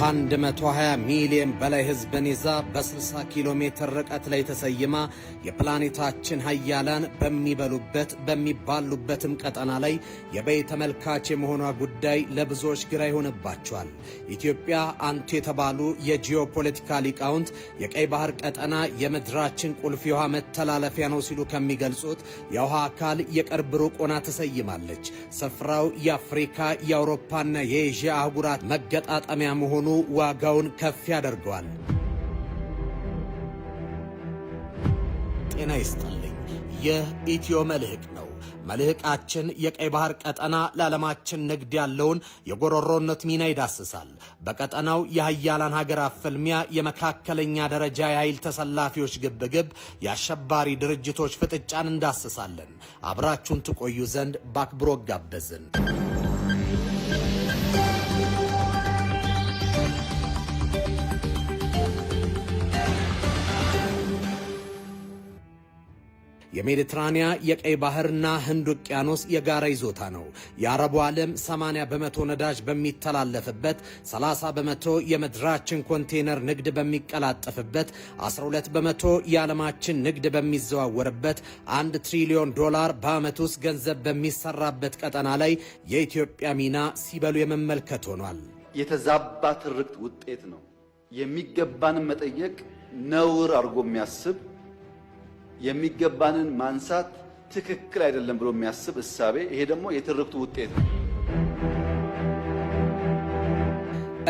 ከ120 ሚሊዮን በላይ ህዝብን ይዛ በ60 ኪሎ ሜትር ርቀት ላይ ተሰይማ የፕላኔታችን ሀያላን በሚበሉበት በሚባሉበትም ቀጠና ላይ የበይ ተመልካች የመሆኗ ጉዳይ ለብዙዎች ግራ ይሆንባቸዋል። ኢትዮጵያ አንቱ የተባሉ የጂኦፖለቲካ ሊቃውንት የቀይ ባህር ቀጠና የምድራችን ቁልፍ የውሃ መተላለፊያ ነው ሲሉ ከሚገልጹት የውሃ አካል የቅርብ ሩቅ ሆና ተሰይማለች። ስፍራው የአፍሪካ የአውሮፓና የኤዥያ አህጉራት መገጣጠሚያ መሆኑ መሆኑ ዋጋውን ከፍ ያደርገዋል። ጤና ይስጥልኝ። ይህ ኢትዮ መልሕቅ ነው። መልሕቃችን የቀይ ባህር ቀጠና ለዓለማችን ንግድ ያለውን የጎሮሮነት ሚና ይዳስሳል። በቀጠናው የሀያላን ሀገራት ፍልሚያ፣ የመካከለኛ ደረጃ የኃይል ተሰላፊዎች ግብግብ፣ የአሸባሪ ድርጅቶች ፍጥጫን እንዳስሳለን። አብራችሁን ትቆዩ ዘንድ በአክብሮት ጋበዝን። የሜዲትራኒያ የቀይ ባህርና ህንድ ውቅያኖስ የጋራ ይዞታ ነው። የአረቡ ዓለም 80 በመቶ ነዳጅ በሚተላለፍበት፣ 30 በመቶ የምድራችን ኮንቴነር ንግድ በሚቀላጠፍበት፣ 12 በመቶ የዓለማችን ንግድ በሚዘዋወርበት፣ አንድ ትሪሊዮን ዶላር በዓመት ውስጥ ገንዘብ በሚሰራበት ቀጠና ላይ የኢትዮጵያ ሚና ሲበሉ የመመልከት ሆኗል። የተዛባ ትርክት ውጤት ነው። የሚገባንም መጠየቅ ነውር አድርጎ የሚያስብ የሚገባንን ማንሳት ትክክል አይደለም ብሎ የሚያስብ እሳቤ፣ ይሄ ደግሞ የትርክቱ ውጤት ነው።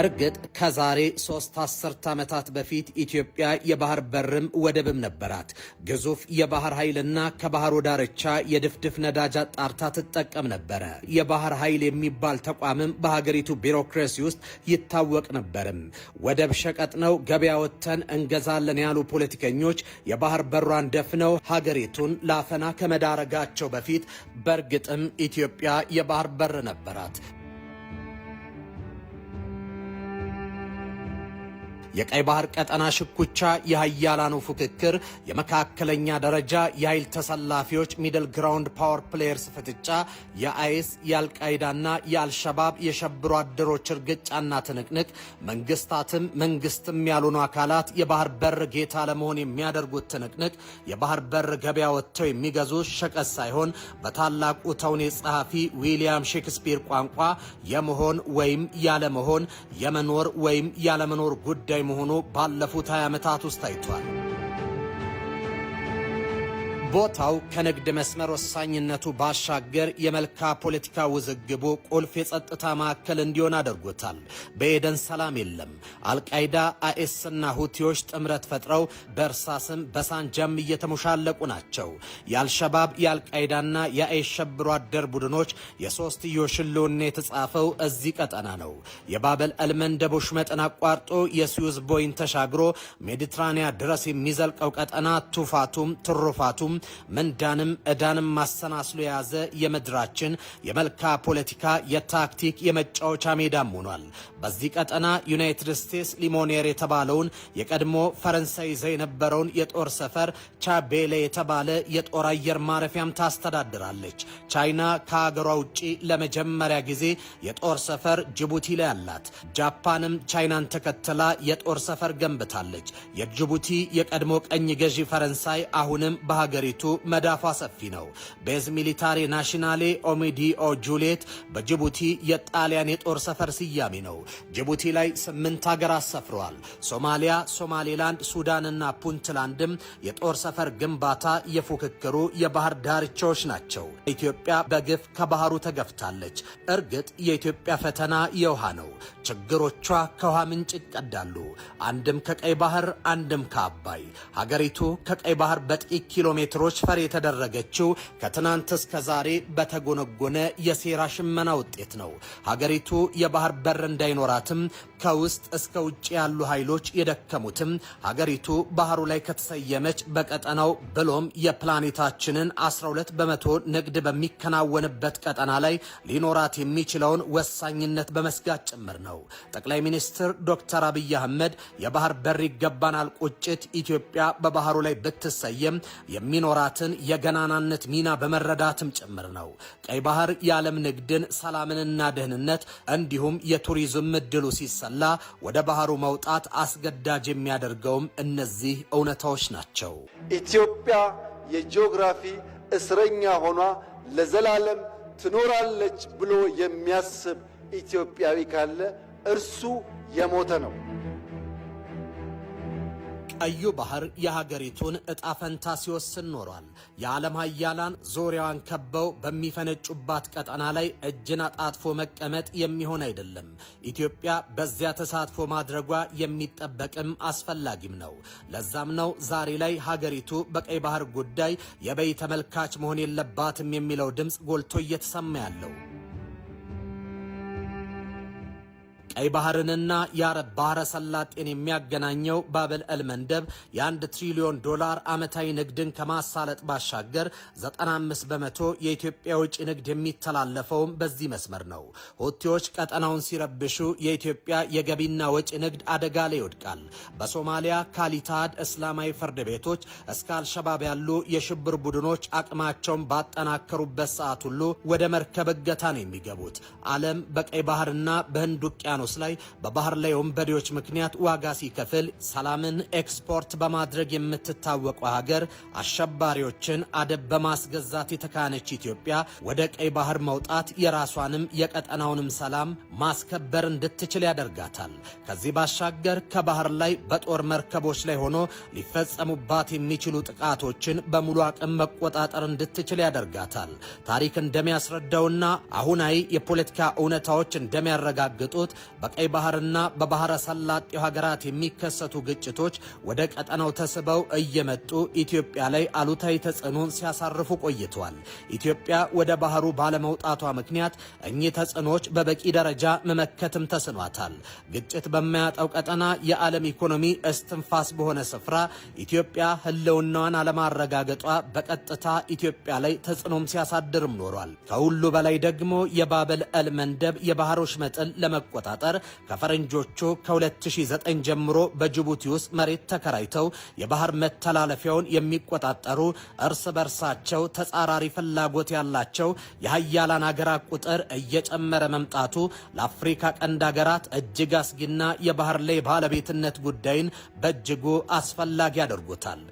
እርግጥ ከዛሬ ሶስት አስርት ዓመታት በፊት ኢትዮጵያ የባህር በርም ወደብም ነበራት። ግዙፍ የባህር ኃይልና ከባህሩ ዳርቻ የድፍድፍ ነዳጅ አጣርታ ትጠቀም ነበረ። የባህር ኃይል የሚባል ተቋምም በሀገሪቱ ቢሮክራሲ ውስጥ ይታወቅ ነበርም። ወደብ ሸቀጥ ነው፣ ገበያ ወጥተን እንገዛለን ያሉ ፖለቲከኞች የባህር በሯን ደፍነው ሀገሪቱን ለአፈና ከመዳረጋቸው በፊት በእርግጥም ኢትዮጵያ የባህር በር ነበራት። የቀይ ባህር ቀጠና ሽኩቻ፣ የሀያላኑ ፉክክር የመካከለኛ ደረጃ የኃይል ተሰላፊዎች ሚድል ግራውንድ ፓወር ፕሌየርስ ፍጥጫ፣ የአይስ የአልቃይዳና የአልሸባብ የሸብሮ አደሮች እርግጫና ትንቅንቅ፣ መንግስታትም መንግስትም ያልሆኑ አካላት የባህር በር ጌታ ለመሆን የሚያደርጉት ትንቅንቅ፣ የባህር በር ገበያ ወጥተው የሚገዙ ሸቀጥ ሳይሆን በታላቁ ተውኔት ጸሐፊ ዊሊያም ሼክስፒር ቋንቋ የመሆን ወይም ያለመሆን የመኖር ወይም ያለመኖር ጉዳይ መሆኑ ባለፉት 20 ዓመታት ውስጥ ታይቷል። ቦታው ከንግድ መስመር ወሳኝነቱ ባሻገር የመልካ ፖለቲካ ውዝግቡ ቁልፍ የጸጥታ ማዕከል እንዲሆን አድርጎታል። በኤደን ሰላም የለም። አልቃይዳ አኤስና ሁቲዎች ጥምረት ፈጥረው በእርሳስም በሳንጃም እየተሞሻለቁ ናቸው። የአልሸባብ የአልቃይዳና የአኤስ ሸብሮ አደር ቡድኖች የሶስትዮሽ ሕልውና የተጻፈው እዚህ ቀጠና ነው። የባበል አልመንደብ ወሽመጥን አቋርጦ የስዊዝ ቦይን ተሻግሮ ሜዲትራኒያ ድረስ የሚዘልቀው ቀጠና ቱፋቱም ትሩፋቱም ምንዳንም እዳንም ማሰናስሎ የያዘ የምድራችን የመልካ ፖለቲካ የታክቲክ የመጫወቻ ሜዳም ሆኗል። በዚህ ቀጠና ዩናይትድ ስቴትስ ሊሞኔር የተባለውን የቀድሞ ፈረንሳይ ይዘ የነበረውን የጦር ሰፈር ቻቤሌ የተባለ የጦር አየር ማረፊያም ታስተዳድራለች። ቻይና ከሀገሯ ውጪ ለመጀመሪያ ጊዜ የጦር ሰፈር ጅቡቲ ላይ አላት። ጃፓንም ቻይናን ተከትላ የጦር ሰፈር ገንብታለች። የጅቡቲ የቀድሞ ቀኝ ገዢ ፈረንሳይ አሁንም በሀገሪ ሀገሪቱ መዳፏ ሰፊ ነው። ቤዝ ሚሊታሪ ናሽናሌ ኦሚዲኦ ጁሌት በጅቡቲ የጣሊያን የጦር ሰፈር ስያሜ ነው። ጅቡቲ ላይ ስምንት ሀገራት ሰፍረዋል። ሶማሊያ፣ ሶማሌላንድ፣ ሱዳንና ፑንትላንድም የጦር ሰፈር ግንባታ የፉክክሩ የባህር ዳርቻዎች ናቸው። ኢትዮጵያ በግፍ ከባህሩ ተገፍታለች። እርግጥ የኢትዮጵያ ፈተና የውሃ ነው። ችግሮቿ ከውሃ ምንጭ ይቀዳሉ። አንድም ከቀይ ባህር፣ አንድም ከአባይ። ሀገሪቱ ከቀይ ባህር በጥቂት ኪሎ ፈር የተደረገችው ከትናንት እስከ ዛሬ በተጎነጎነ የሴራ ሽመና ውጤት ነው። ሀገሪቱ የባህር በር እንዳይኖራትም ከውስጥ እስከ ውጭ ያሉ ኃይሎች የደከሙትም ሀገሪቱ ባህሩ ላይ ከተሰየመች በቀጠናው ብሎም የፕላኔታችንን 12 በመቶ ንግድ በሚከናወንበት ቀጠና ላይ ሊኖራት የሚችለውን ወሳኝነት በመስጋት ጭምር ነው። ጠቅላይ ሚኒስትር ዶክተር አብይ አህመድ የባህር በር ይገባናል ቁጭት ኢትዮጵያ በባህሩ ላይ ብትሰየም የሚኖራትን የገናናነት ሚና በመረዳትም ጭምር ነው። ቀይ ባህር የዓለም ንግድን፣ ሰላምንና ደህንነት እንዲሁም የቱሪዝም እድሉ ሲሰ እንዲያስጠላ ወደ ባህሩ መውጣት አስገዳጅ የሚያደርገውም እነዚህ እውነታዎች ናቸው። ኢትዮጵያ የጂኦግራፊ እስረኛ ሆኗ ለዘላለም ትኖራለች ብሎ የሚያስብ ኢትዮጵያዊ ካለ እርሱ የሞተ ነው። ቀዩ ባህር የሀገሪቱን እጣ ፈንታ ሲወስን ኖሯል። የዓለም ሀያላን ዙሪያዋን ከበው በሚፈነጩባት ቀጠና ላይ እጅን አጣጥፎ መቀመጥ የሚሆን አይደለም። ኢትዮጵያ በዚያ ተሳትፎ ማድረጓ የሚጠበቅም አስፈላጊም ነው። ለዛም ነው ዛሬ ላይ ሀገሪቱ በቀይ ባህር ጉዳይ የበይ ተመልካች መሆን የለባትም የሚለው ድምፅ ጎልቶ እየተሰማ ያለው። ቀይ ባህርንና የአረብ ባህረ ሰላጤን የሚያገናኘው ባብል አልመንደብ የአንድ ትሪሊዮን ዶላር ዓመታዊ ንግድን ከማሳለጥ ባሻገር 95 በመቶ የኢትዮጵያ ውጭ ንግድ የሚተላለፈውም በዚህ መስመር ነው። ሁቲዎች ቀጠናውን ሲረብሹ የኢትዮጵያ የገቢና ወጪ ንግድ አደጋ ላይ ይወድቃል። በሶማሊያ ካሊታድ እስላማዊ ፍርድ ቤቶች እስከ አልሸባብ ያሉ የሽብር ቡድኖች አቅማቸውን ባጠናከሩበት ሰዓት ሁሉ ወደ መርከብ እገታ ነው የሚገቡት። ዓለም በቀይ ባህርና በህንድ ውቅያኖስ ውቅያኖስ ላይ በባህር ላይ ወንበዴዎች ምክንያት ዋጋ ሲከፍል ሰላምን ኤክስፖርት በማድረግ የምትታወቀው ሀገር አሸባሪዎችን አደብ በማስገዛት የተካነች ኢትዮጵያ ወደ ቀይ ባህር መውጣት የራሷንም የቀጠናውንም ሰላም ማስከበር እንድትችል ያደርጋታል። ከዚህ ባሻገር ከባህር ላይ በጦር መርከቦች ላይ ሆኖ ሊፈጸሙባት የሚችሉ ጥቃቶችን በሙሉ አቅም መቆጣጠር እንድትችል ያደርጋታል። ታሪክ እንደሚያስረዳውና አሁናዊ የፖለቲካ እውነታዎች እንደሚያረጋግጡት በቀይ ባህርና በባህረ ሰላጤው ሀገራት የሚከሰቱ ግጭቶች ወደ ቀጠናው ተስበው እየመጡ ኢትዮጵያ ላይ አሉታዊ ተጽዕኖን ሲያሳርፉ ቆይተዋል። ኢትዮጵያ ወደ ባህሩ ባለመውጣቷ ምክንያት እኚህ ተጽዕኖዎች በበቂ ደረጃ መመከትም ተስኗታል። ግጭት በማያጣው ቀጠና የዓለም ኢኮኖሚ እስትንፋስ በሆነ ስፍራ ኢትዮጵያ ህልውናዋን አለማረጋገጧ በቀጥታ ኢትዮጵያ ላይ ተጽዕኖም ሲያሳድርም ኖሯል። ከሁሉ በላይ ደግሞ የባብል እል መንደብ የባህሮች መጠን ለመቆጣጠር አቆጣጠር ከፈረንጆቹ ከ2009 ጀምሮ በጅቡቲ ውስጥ መሬት ተከራይተው የባህር መተላለፊያውን የሚቆጣጠሩ እርስ በርሳቸው ተጻራሪ ፍላጎት ያላቸው የሀያላን አገራት ቁጥር እየጨመረ መምጣቱ ለአፍሪካ ቀንድ አገራት እጅግ አስጊና የባህር ላይ ባለቤትነት ጉዳይን በእጅጉ አስፈላጊ ያደርጉታል።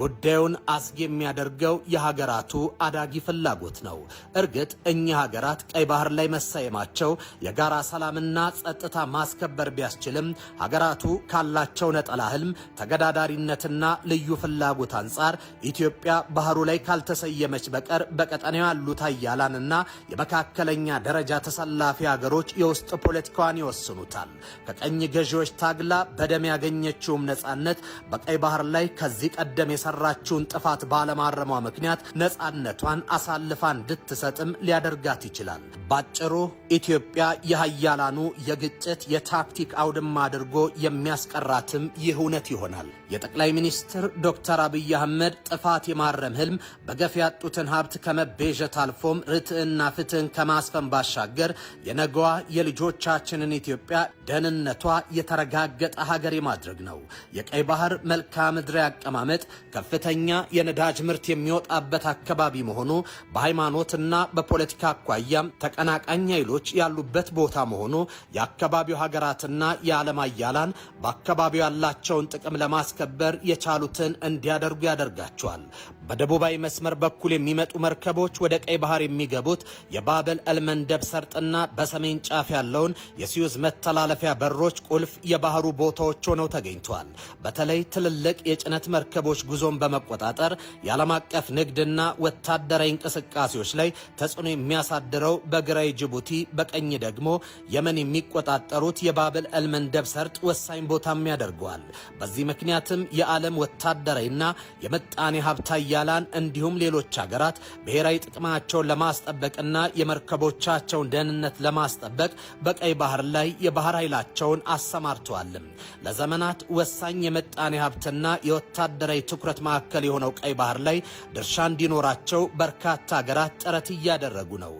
ጉዳዩን አስጊ የሚያደርገው የሀገራቱ አዳጊ ፍላጎት ነው። እርግጥ እኚህ ሀገራት ቀይ ባህር ላይ መሳየማቸው የጋራ ሰላምና ጸጥታ ማስከበር ቢያስችልም ሀገራቱ ካላቸው ነጠላ ህልም ተገዳዳሪነትና ልዩ ፍላጎት አንጻር ኢትዮጵያ ባህሩ ላይ ካልተሰየመች በቀር በቀጠናው ያሉት ኃያላንና የመካከለኛ ደረጃ ተሰላፊ ሀገሮች የውስጥ ፖለቲካዋን ይወስኑታል። ከቀኝ ገዢዎች ታግላ በደም ያገኘችውም ነጻነት በቀይ ባህር ላይ ከዚህ ቀደም የሰራችውን ጥፋት ባለማረሟ ምክንያት ነፃነቷን አሳልፋ እንድትሰጥም ሊያደርጋት ይችላል። ባጭሩ ኢትዮጵያ የሀያላኑ የግጭት የታክቲክ አውድማ አድርጎ የሚያስቀራትም ይህ እውነት ይሆናል። የጠቅላይ ሚኒስትር ዶክተር አብይ አህመድ ጥፋት የማረም ህልም በገፍ ያጡትን ሀብት ከመቤዠት አልፎም ርትዕና ፍትህን ከማስፈን ባሻገር የነገዋ የልጆቻችንን ኢትዮጵያ ደህንነቷ የተረጋገጠ ሀገር የማድረግ ነው። የቀይ ባህር መልክዓ ምድራዊ አቀማመጥ ከፍተኛ የነዳጅ ምርት የሚወጣበት አካባቢ መሆኑ በሃይማኖትና በፖለቲካ አኳያም ተቀናቃኝ ኃይሎች ያሉበት ቦታ መሆኑ የአካባቢው ሀገራትና የዓለም አያላን በአካባቢው ያላቸውን ጥቅም ለማስከበር የቻሉትን እንዲያደርጉ ያደርጋቸዋል። በደቡባዊ መስመር በኩል የሚመጡ መርከቦች ወደ ቀይ ባህር የሚገቡት የባበል አልመንደብ ሰርጥና በሰሜን ጫፍ ያለውን የሲዩዝ መተላለፊያ በሮች ቁልፍ የባህሩ ቦታዎች ሆነው ተገኝተዋል። በተለይ ትልልቅ የጭነት መርከቦች ጉዞን በመቆጣጠር የዓለም አቀፍ ንግድና ወታደራዊ እንቅስቃሴዎች ላይ ተጽዕኖ የሚያሳድረው በግራዊ ጅቡቲ፣ በቀኝ ደግሞ የመን የሚቆጣጠሩት የባበል አልመንደብ ሰርጥ ወሳኝ ቦታም ያደርገዋል። በዚህ ምክንያትም የዓለም ወታደራዊና የምጣኔ ሀብታ ሀያላን እንዲሁም ሌሎች ሀገራት ብሔራዊ ጥቅማቸውን ለማስጠበቅና የመርከቦቻቸውን ደህንነት ለማስጠበቅ በቀይ ባህር ላይ የባህር ኃይላቸውን አሰማርተዋልም። ለዘመናት ወሳኝ የመጣኔ ሀብትና የወታደራዊ ትኩረት ማዕከል የሆነው ቀይ ባህር ላይ ድርሻ እንዲኖራቸው በርካታ ሀገራት ጥረት እያደረጉ ነው።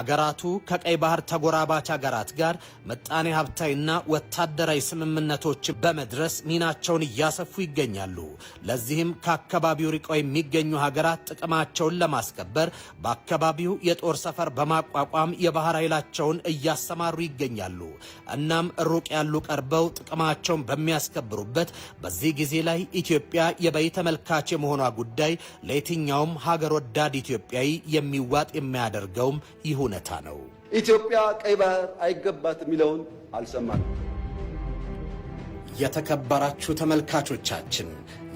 አገራቱ ከቀይ ባህር ተጎራባች አገራት ጋር ምጣኔ ሀብታዊና ወታደራዊ ስምምነቶች በመድረስ ሚናቸውን እያሰፉ ይገኛሉ። ለዚህም ከአካባቢው ርቀው የሚገኙ ሀገራት ጥቅማቸውን ለማስከበር በአካባቢው የጦር ሰፈር በማቋቋም የባህር ኃይላቸውን እያሰማሩ ይገኛሉ። እናም ሩቅ ያሉ ቀርበው ጥቅማቸውን በሚያስከብሩበት በዚህ ጊዜ ላይ ኢትዮጵያ የበይ ተመልካች የመሆኗ ጉዳይ ለየትኛውም ሀገር ወዳድ ኢትዮጵያዊ የሚዋጥ የሚያደርገውም ይሆ ሁነታ ነው። ኢትዮጵያ ቀይ ባህር አይገባት የሚለውን አልሰማንም። የተከበራችሁ ተመልካቾቻችን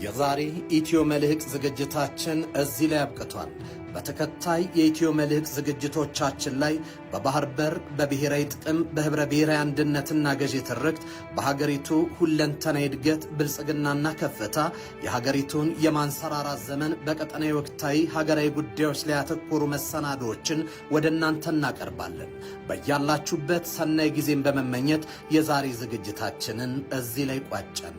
የዛሬ ኢትዮ መልሕቅ ዝግጅታችን እዚህ ላይ አብቅቷል። በተከታይ የኢትዮ መልሕቅ ዝግጅቶቻችን ላይ በባህር በር፣ በብሔራዊ ጥቅም፣ በህብረ ብሔራዊ አንድነትና ገዢ ትርክት፣ በሀገሪቱ ሁለንተና እድገት ብልጽግናና ከፍታ፣ የሀገሪቱን የማንሰራራት ዘመን በቀጠናዊ ወቅታዊ ሀገራዊ ጉዳዮች ላይ ያተኮሩ መሰናዶዎችን ወደ እናንተ እናቀርባለን። በያላችሁበት ሰናይ ጊዜን በመመኘት የዛሬ ዝግጅታችንን እዚህ ላይ ቋጨን።